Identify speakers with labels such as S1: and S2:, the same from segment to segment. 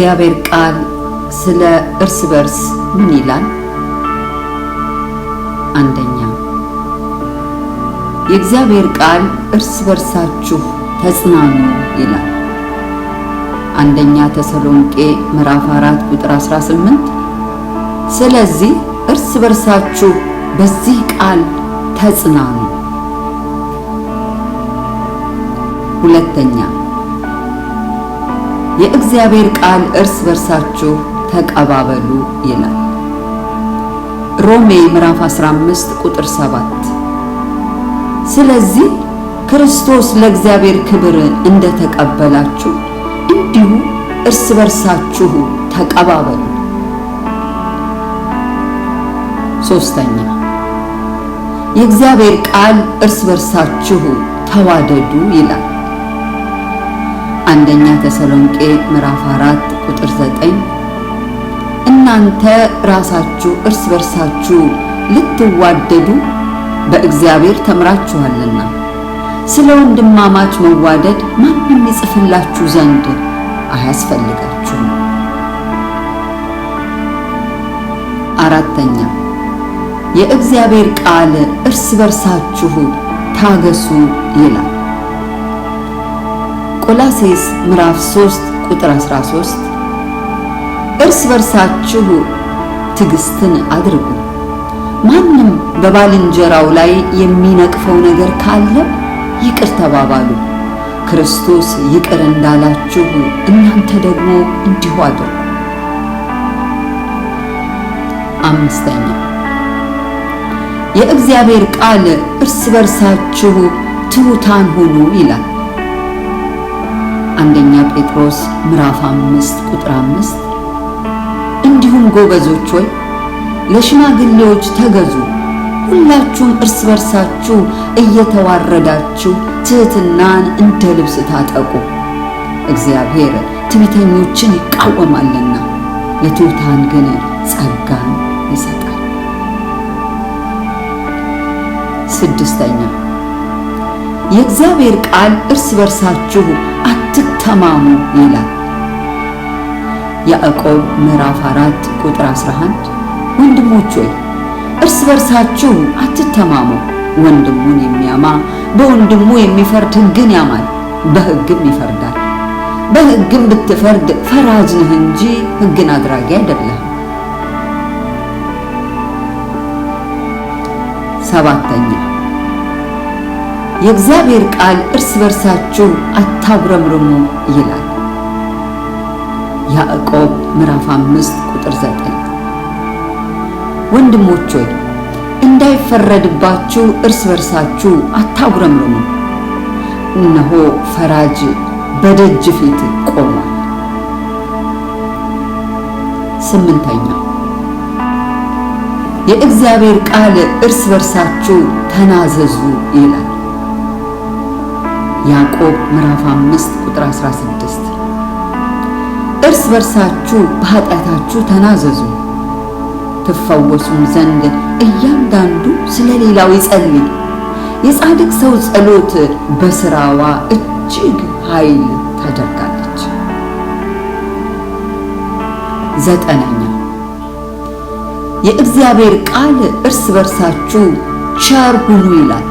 S1: የእግዚአብሔር ቃል ስለ እርስ በርስ ምን ይላል? አንደኛ የእግዚአብሔር ቃል እርስ በርሳችሁ ተጽናኑ ይላል። አንደኛ ተሰሎንቄ ምዕራፍ 4 ቁጥር 18 ስለዚህ እርስ በርሳችሁ በዚህ ቃል ተጽናኑ። ሁለተኛ የእግዚአብሔር ቃል እርስ በርሳችሁ ተቀባበሉ ይላል። ሮሜ ምዕራፍ 15 ቁጥር 7። ስለዚህ ክርስቶስ ለእግዚአብሔር ክብር እንደተቀበላችሁ እንዲሁ እርስ በርሳችሁ ተቀባበሉ። ሶስተኛ የእግዚአብሔር ቃል እርስ በርሳችሁ ተዋደዱ ይላል። አንደኛ ተሰሎንቄ ምዕራፍ 4 ቁጥር 9 እናንተ ራሳችሁ እርስ በርሳችሁ ልትዋደዱ በእግዚአብሔር ተምራችኋልና ስለ ወንድማማች መዋደድ ማንም ይጽፍላችሁ ዘንድ አያስፈልጋችሁም። አራተኛ የእግዚአብሔር ቃል እርስ በርሳችሁ ታገሱ ይላል። ቆላሴስ ምዕራፍ 3 ቁጥር 13 እርስ በርሳችሁ ትዕግስትን አድርጉ፣ ማንም በባልንጀራው ላይ የሚነቅፈው ነገር ካለ ይቅር ተባባሉ፣ ክርስቶስ ይቅር እንዳላችሁ እናንተ ደግሞ እንዲሁ አድርጉ። አምስተኛ የእግዚአብሔር ቃል እርስ በርሳችሁ ትሑታን ሁኑ ይላል። አንደኛ ጴጥሮስ ምዕራፍ አምስት ቁጥር አምስት እንዲሁም ጎበዞች ሆይ ለሽማግሌዎች ተገዙ፣ ሁላችሁም እርስ በርሳችሁ እየተዋረዳችሁ ትሕትናን እንደ ልብስ ታጠቁ፣ እግዚአብሔር ትዕቢተኞችን ይቃወማልና ለትሑታን ግን ጸጋን ይሰጣል። ስድስተኛ የእግዚአብሔር ቃል እርስ በርሳችሁ አትተማሙ ይላል። ያዕቆብ ምዕራፍ 4 ቁጥር 11 ወንድሞች ሆይ እርስ በርሳችሁ አትተማሙ፣ ወንድሙን የሚያማ በወንድሙ የሚፈርድ ሕግን ያማል፣ በሕግም ይፈርዳል። በሕግም ብትፈርድ ፈራጅ ነህ እንጂ ሕግን አድራጊ አይደለም። ሰባተኛ የእግዚአብሔር ቃል እርስ በርሳችሁ አታጉረምርሙ ይላል። ያዕቆብ ምዕራፍ 5 ቁጥር 9 ወንድሞች ሆይ እንዳይፈረድባችሁ እርስ በርሳችሁ አታጉረምርሙ፣ እነሆ ፈራጅ በደጅ ፊት ቆሟል። ስምንተኛ የእግዚአብሔር ቃል እርስ በርሳችሁ ተናዘዙ ይላል። ያዕቆብ ምዕራፍ 5 ቁጥር 16 እርስ በርሳችሁ በኃጢአታችሁ ተናዘዙ ትፈወሱም ዘንድ እያንዳንዱ ስለ ሌላው ይጸልይ። የጻድቅ ሰው ጸሎት በስራዋ እጅግ ኃይል ታደርጋለች። ዘጠነኛ የእግዚአብሔር ቃል እርስ በርሳችሁ ቸር ሁኑ ይላል።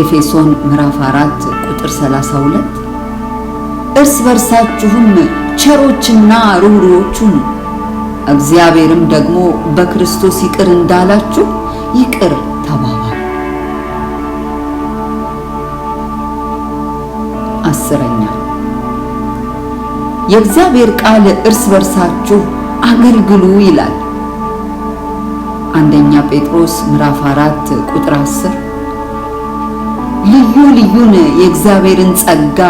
S1: ኤፌሶን ምዕራፍ 4 ቁጥር 32 እርስ በርሳችሁም ቸሮችና ርኅሩኆች ሁኑ፣ እግዚአብሔርም ደግሞ በክርስቶስ ይቅር እንዳላችሁ ይቅር ተባባሉ። አስረኛ የእግዚአብሔር ቃል እርስ በርሳችሁ አገልግሉ ይላል። አንደኛ ጴጥሮስ ምዕራፍ 4 ቁጥር 10 ልዩ ልዩን የእግዚአብሔርን ጸጋ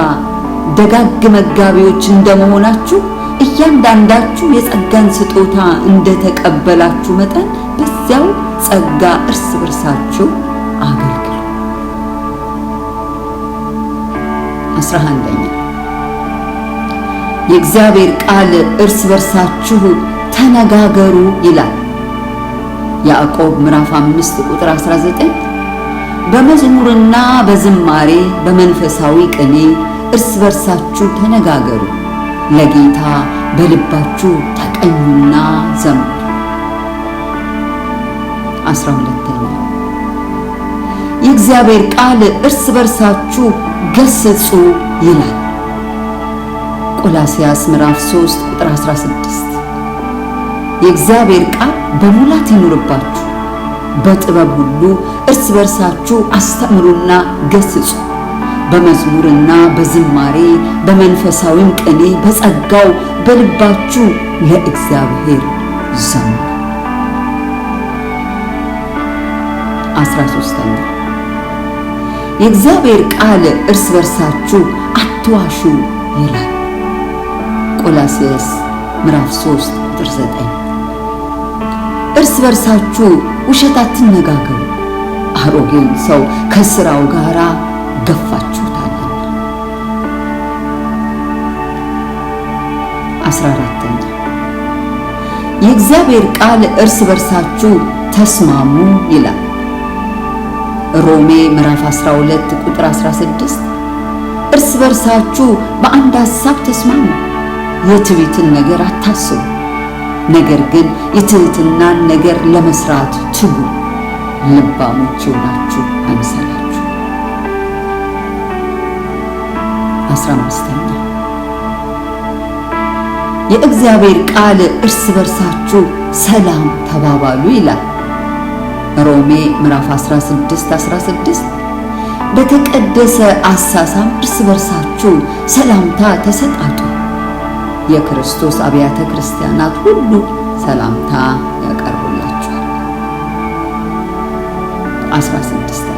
S1: ደጋግ መጋቢዎች እንደመሆናችሁ እያንዳንዳችሁ የጸጋን ስጦታ እንደተቀበላችሁ መጠን በዚያው ጸጋ እርስ በርሳችሁ አገልግሉ። አስራ አንደኛ የእግዚአብሔር ቃል እርስ በርሳችሁ ተነጋገሩ ይላል። ያዕቆብ ምዕራፍ 5 ቁጥር 19 በመዝሙርና በዝማሬ በመንፈሳዊ ቅኔ እርስ በርሳችሁ ተነጋገሩ፣ ለጌታ በልባችሁ ተቀኙና ዘምሩ። 12 የእግዚአብሔር ቃል እርስ በርሳችሁ ገስጹ ይላል። ቆላስያስ ምዕራፍ 3 ቁጥር 16 የእግዚአብሔር ቃል በሙላት ይኑርባችሁ በጥበብ ሁሉ እርስ በርሳችሁ አስተምሩና ገስጹ፣ በመዝሙርና በዝማሬ በመንፈሳዊም ቅኔ በጸጋው በልባችሁ ለእግዚአብሔር ዘምሩ። 13ኛ የእግዚአብሔር ቃል እርስ በርሳችሁ አትዋሹ ይላል። ቆላስይስ ምዕራፍ 3 ቁጥር 9 እርስ በርሳችሁ ውሸት አትነጋገሩ፣ አሮጌን ሰው ከስራው ጋር ገፋችሁታል አስራ አራተኛ የእግዚአብሔር ቃል እርስ በርሳችሁ ተስማሙ ይላል። ሮሜ ምዕራፍ 12 ቁጥር 16 እርስ በርሳችሁ በአንድ ሐሳብ ተስማሙ፣ የትዕቢትን ነገር አታስቡ ነገር ግን የትህትናን ነገር ለመስራት ትጉ። ልባሞች ሆናችሁ አይምሰላችሁ። አስራ አምስተኛ የእግዚአብሔር ቃል እርስ በርሳችሁ ሰላም ተባባሉ ይላል ሮሜ ምዕራፍ 16 16 በተቀደሰ አሳሳም እርስ በርሳችሁ ሰላምታ ተሰጣጡ። የክርስቶስ አብያተ ክርስቲያናት ሁሉ ሰላምታ ያቀርቡላችኋል። 16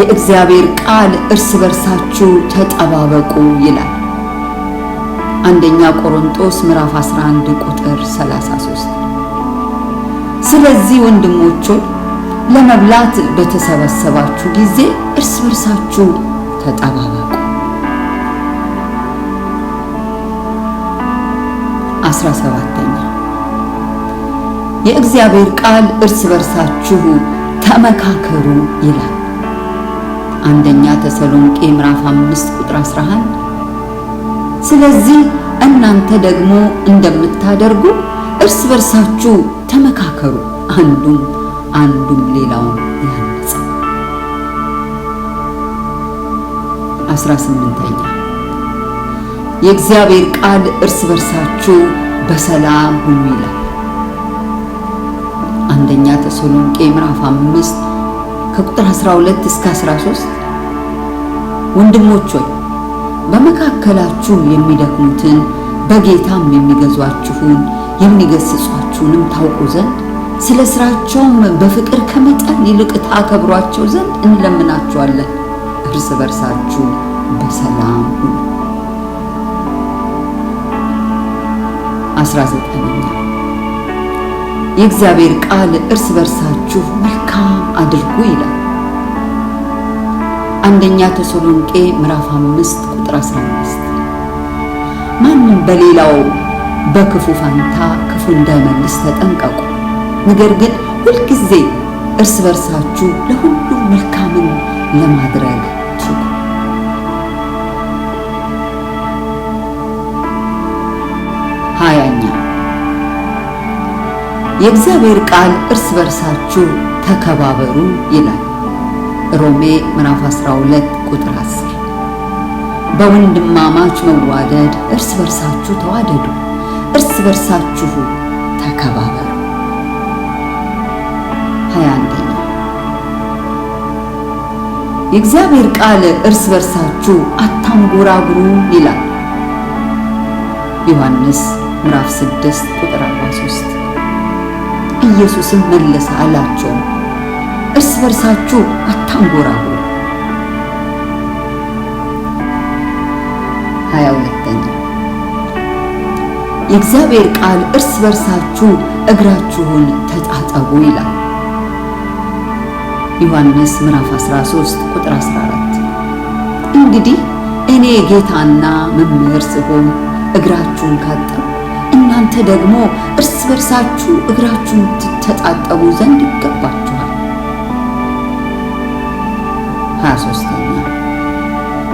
S1: የእግዚአብሔር ቃል እርስ በርሳችሁ ተጠባበቁ ይላል። አንደኛ ቆሮንቶስ ምዕራፍ 11 ቁጥር 33 ስለዚህ ወንድሞቹ ለመብላት በተሰበሰባችሁ ጊዜ እርስ በርሳችሁ ተጠባበቁ 17 የእግዚአብሔር ቃል እርስ በርሳችሁ ተመካከሩ ይላል። አንደኛ ተሰሎንቄ ምዕራፍ 5 ቁጥር 11 ስለዚህ እናንተ ደግሞ እንደምታደርጉ እርስ በርሳችሁ ተመካከሩ፣ አንዱም አንዱም ሌላውን ያንጻ። 18ኛ የእግዚአብሔር ቃል እርስ በርሳችሁ በሰላም ሁኑ ይላል። አንደኛ ተሰሎንቄ ምዕራፍ 5 ከቁጥር 12 እስከ 13 ወንድሞች ሆይ በመካከላችሁ የሚደክሙትን በጌታም የሚገዟችሁን የሚገስጿችሁንም ታውቁ ዘንድ ስለ ስራቸውም በፍቅር ከመጠን ይልቅ ታከብሯቸው ዘንድ እንለምናችኋለን። እርስ በርሳችሁ በሰላም ሁኑ። 19ኛ የእግዚአብሔር ቃል እርስ በርሳችሁ መልካም አድርጉ ይላል። አንደኛ ተሰሎንቄ ምዕራፍ 5 ቁጥር 15 ማንም በሌላው በክፉ ፋንታ ክፉ እንዳይመልስ ተጠንቀቁ። ነገር ግን ሁልጊዜ እርስ በርሳችሁ ለሁሉም መልካምን ለማድረግ የእግዚአብሔር ቃል እርስ በርሳችሁ ተከባበሩ ይላል። ሮሜ ምዕራፍ 12 ቁጥር 10። በወንድማማች መዋደድ እርስ በርሳችሁ ተዋደዱ፣ እርስ በርሳችሁ ተከባበሩ። 21 የእግዚአብሔር ቃል እርስ በርሳችሁ አታንጎራጉሩ ይላል። ዮሐንስ ምዕራፍ 6 ቁጥር 43 ኢየሱስም መለሰ አላቸው፣ እርስ በርሳችሁ አታንጎራጉ። ሀያ ሁለተኛ የእግዚአብሔር ቃል እርስ በርሳችሁ እግራችሁን ተጣጠቡ ይላል። ዮሐንስ ምዕራፍ 13 ቁጥር 14 እንግዲህ እኔ ጌታና መምህር ስሆን እግራችሁን ካጠቡ እናንተ ደግሞ እርስ በርሳችሁ እግራችሁን ትተጣጠቡ ዘንድ ይገባችኋል። 23ኛ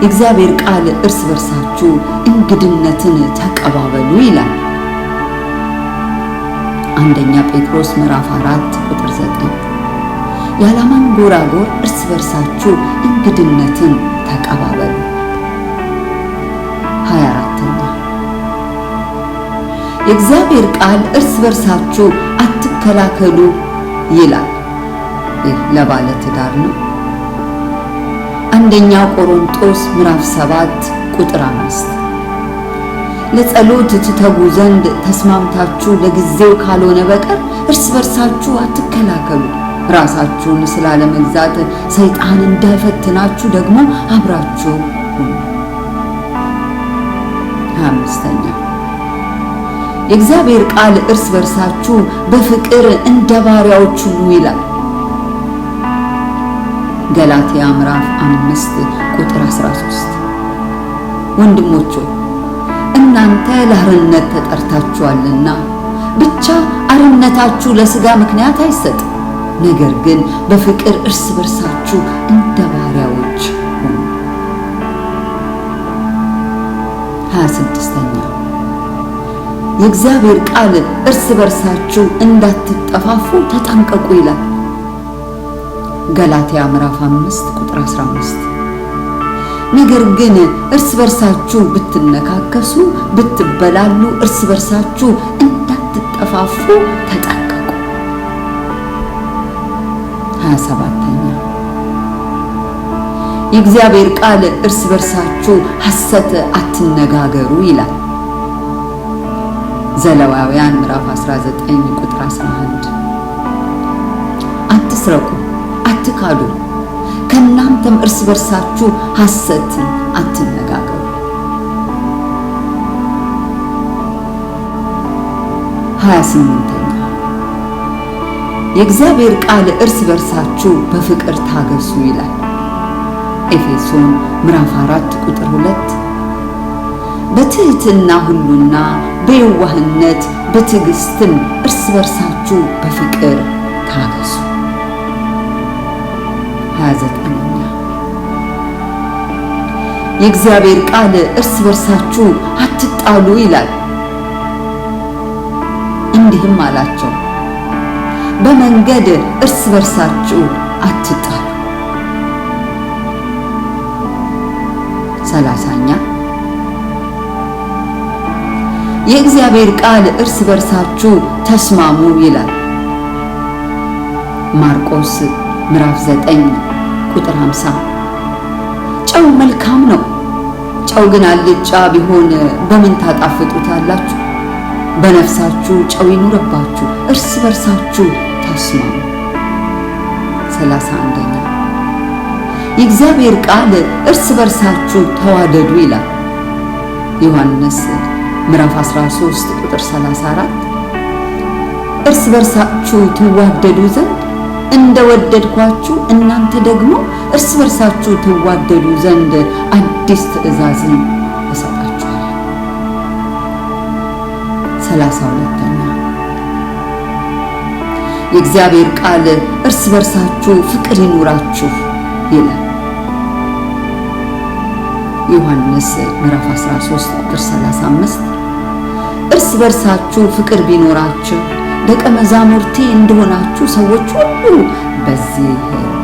S1: የእግዚአብሔር ቃል እርስ በርሳችሁ እንግድነትን ተቀባበሉ ይላል። አንደኛ ጴጥሮስ ምዕራፍ 4 ቁጥር 9 የዓላማን ጎራጎር እርስ በርሳችሁ እንግድነትን ተቀባበሉ። የእግዚአብሔር ቃል እርስ በርሳችሁ አትከላከሉ ይላል። ይህ ለባለ ትዳር ነው። አንደኛ ቆሮንጦስ ምዕራፍ 7 ቁጥር 5 ለጸሎት ትተጉ ዘንድ ተስማምታችሁ ለጊዜው ካልሆነ በቀር እርስ በርሳችሁ አትከላከሉ። ራሳችሁን ስላለመግዛት ሰይጣን እንዳይፈትናችሁ ደግሞ አብራችሁ ሁኑ። አምስተኛ የእግዚአብሔር ቃል እርስ በርሳችሁ በፍቅር እንደ ባሪያዎች ሁኑ ይላል። ገላትያ ምዕራፍ 5 ቁጥር 13። ወንድሞች ሆይ እናንተ ለአርነት ተጠርታችኋልና ብቻ አርነታችሁ ለሥጋ ምክንያት አይሰጥ፣ ነገር ግን በፍቅር እርስ በርሳችሁ እንደ ባሪያዎች ሁኑ። 26ኛ የእግዚአብሔር ቃል እርስ በርሳችሁ እንዳትጠፋፉ ተጠንቀቁ ይላል። ገላትያ ምዕራፍ 5 ቁጥር 15። ነገር ግን እርስ በርሳችሁ ብትነካከሱ፣ ብትበላሉ እርስ በርሳችሁ እንዳትጠፋፉ ተጠንቀቁ። 27ኛ የእግዚአብሔር ቃል እርስ በርሳችሁ ሐሰት አትነጋገሩ ይላል። ዘለዋውያን ምዕራፍ 19 ቁጥር 11 አትስረቁ፣ አትካዱ፣ ከእናንተም እርስ በርሳችሁ ሐሰትን አትነጋገሩ። ሀያ ስምንተኛ የእግዚአብሔር ቃል እርስ በርሳችሁ በፍቅር ታገሱ ይላል። ኤፌሶን ምዕራፍ 4 ቁጥር 2 በትህትና ሁሉና በየዋህነት በትዕግስትም እርስ በርሳችሁ በፍቅር ታገሱ። የእግዚአብሔር ቃል እርስ በርሳችሁ አትጣሉ ይላል። እንዲህም አላቸው በመንገድ እርስ በርሳችሁ አትጣሉ። ሰላሳኛ የእግዚአብሔር ቃል እርስ በርሳችሁ ተስማሙ ይላል። ማርቆስ ምዕራፍ 9 ቁጥር 50። ጨው መልካም ነው። ጨው ግን አልጫ ቢሆን በምን ታጣፍጡታላችሁ? በነፍሳችሁ ጨው ይኑረባችሁ፣ እርስ በርሳችሁ ተስማሙ። የእግዚአብሔር ቃል እርስ በርሳችሁ ተዋደዱ ይላል ዮሐንስ ምዕራፍ 13 ቁጥር 34 እርስ በርሳችሁ ትዋደዱ ዘንድ እንደወደድኳችሁ እናንተ ደግሞ እርስ በርሳችሁ ትዋደዱ ዘንድ አዲስ ትእዛዝን እሰጣችኋለሁ። የእግዚአብሔር ቃል እርስ በርሳችሁ ፍቅር ይኑራችሁ ይላል። ዮሐንስ ምዕራፍ 13 ቁጥር 35 እርስ በርሳችሁ ፍቅር ቢኖራችሁ ደቀ መዛሙርቴ እንደሆናችሁ ሰዎች ሁሉ በዚህ